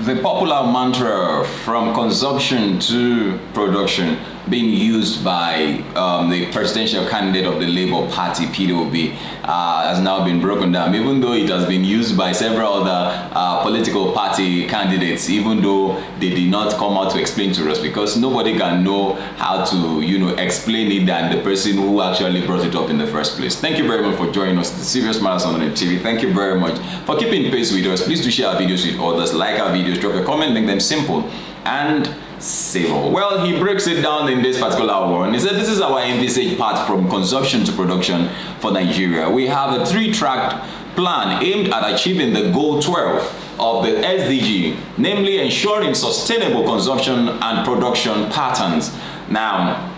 the popular mantra from consumption to production being used by um, the presidential candidate of the Labour Party, PDOB, uh, has now been broken down, even though it has been used by several other uh, political party candidates, even though they did not come out to explain to us, because nobody can know how to, you know, explain it than the person who actually brought it up in the first place. Thank you very much for joining us, the Serious Matters on TV. Thank you very much for keeping pace with us. Please do share our videos with others, like our videos, drop a comment, make them simple and civil. Well, he breaks it down in this particular one. He said this is our envisaged path from consumption to production for Nigeria. We have a three-track plan aimed at achieving the goal 12 of the SDG, namely ensuring sustainable consumption and production patterns. Now,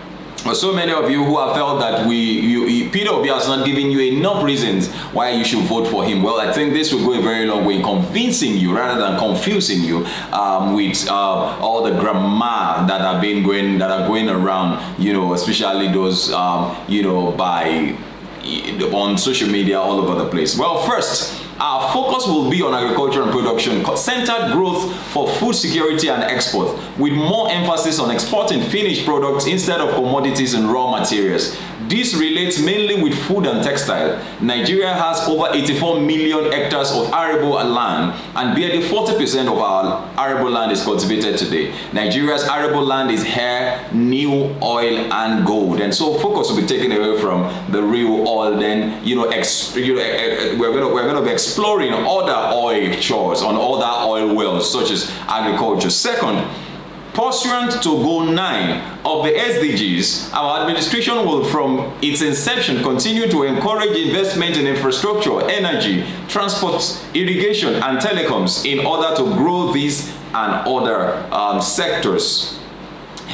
so many of you who have felt that we you, you, Peter Obi has not given you enough reasons why you should vote for him. Well, I think this will go a very long way in convincing you rather than confusing you um, with uh, all the grammar that have been going that are going around. You know, especially those um, you know by on social media all over the place. Well, first our focus will be on agriculture and production, centered growth for food security and export, with more emphasis on exporting finished products instead of commodities and raw materials. This relates mainly with food and textile. Nigeria has over 84 million hectares of arable land and barely 40% of our arable land is cultivated today. Nigeria's arable land is hair, new oil and gold. And so focus will be taken away from the real oil then, you know, ex, you know we're going to, we're going to be exploring other oil chores on other oil wells such as agriculture. Second, pursuant to goal 9 of the SDGs, our administration will from its inception continue to encourage investment in infrastructure, energy, transport, irrigation and telecoms in order to grow these and other um, sectors.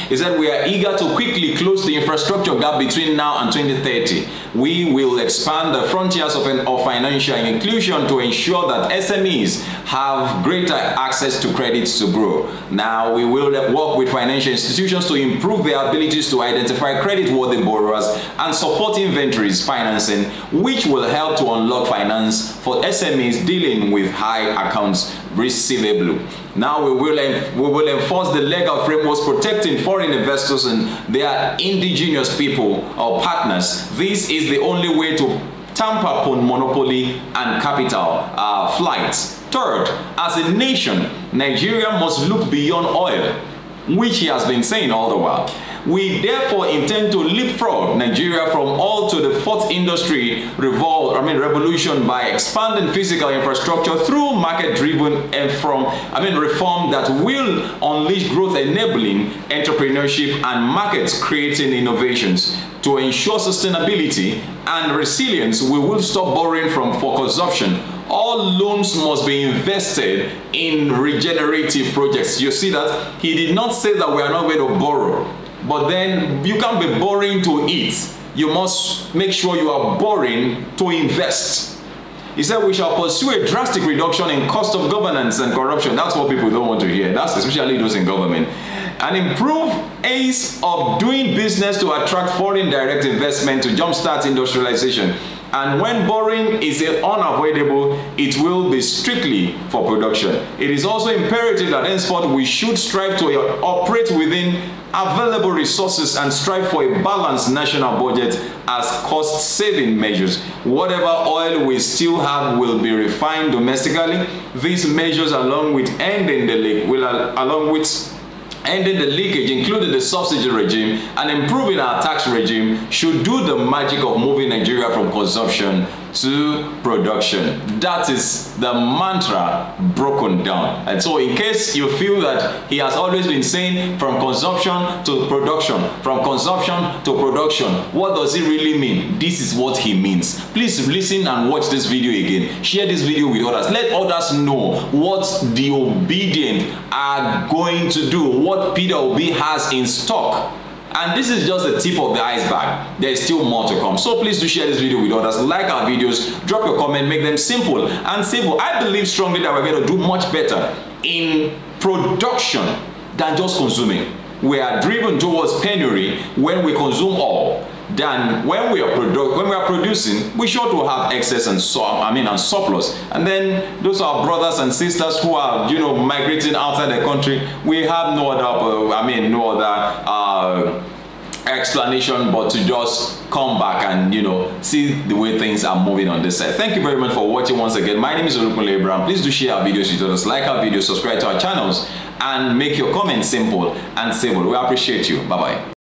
Is that we are eager to quickly close the infrastructure gap between now and 2030. We will expand the frontiers of, an, of financial inclusion to ensure that SMEs have greater access to credits to grow. Now, we will work with financial institutions to improve their abilities to identify credit-worthy borrowers and support inventories financing, which will help to unlock finance for SMEs dealing with high accounts receivable. Now we will, we will enforce the legal frameworks protecting foreign investors and their indigenous people or partners. This is the only way to tamper upon monopoly and capital uh, flights. Third, as a nation, Nigeria must look beyond oil which he has been saying all the while. We therefore intend to leapfrog Nigeria from all to the fourth industry revol— I mean, revolution by expanding physical infrastructure through market-driven and from, I mean, reform that will unleash growth enabling entrepreneurship and markets creating innovations. To ensure sustainability and resilience, we will stop borrowing from for consumption. All loans must be invested in regenerative projects. You see that? He did not say that we are not going to borrow, but then you can't be borrowing to eat. You must make sure you are borrowing to invest. He said, we shall pursue a drastic reduction in cost of governance and corruption. That's what people don't want to hear. That's especially those in government an improved ace of doing business to attract foreign direct investment to jumpstart industrialization. And when borrowing is unavoidable, it will be strictly for production. It is also imperative that henceforth we should strive to operate within available resources and strive for a balanced national budget as cost-saving measures. Whatever oil we still have will be refined domestically. These measures, along with ending the leak, will along with ending the leakage, including the subsidy regime, and improving our tax regime should do the magic of moving Nigeria from consumption to production. That is the mantra broken down. And so in case you feel that he has always been saying from consumption to production, from consumption to production, what does he really mean? This is what he means. Please listen and watch this video again. Share this video with others. Let others know what the obedient are going to do, what Peter PWB has in stock And this is just the tip of the iceberg. There is still more to come. So please do share this video with others. Like our videos, drop your comment, make them simple and simple. I believe strongly that we're going to do much better in production than just consuming. we are driven towards penury when we consume all than when we are when we are producing, we sure to have excess and so I mean and surplus. And then those are brothers and sisters who are you know migrating outside the country. We have no other uh, I mean no other. Uh, explanation but to just come back and you know see the way things are moving on this side thank you very much for watching once again my name is Olukunle Abraham please do share our videos with others like our videos subscribe to our channels and make your comments simple and civil we appreciate you bye bye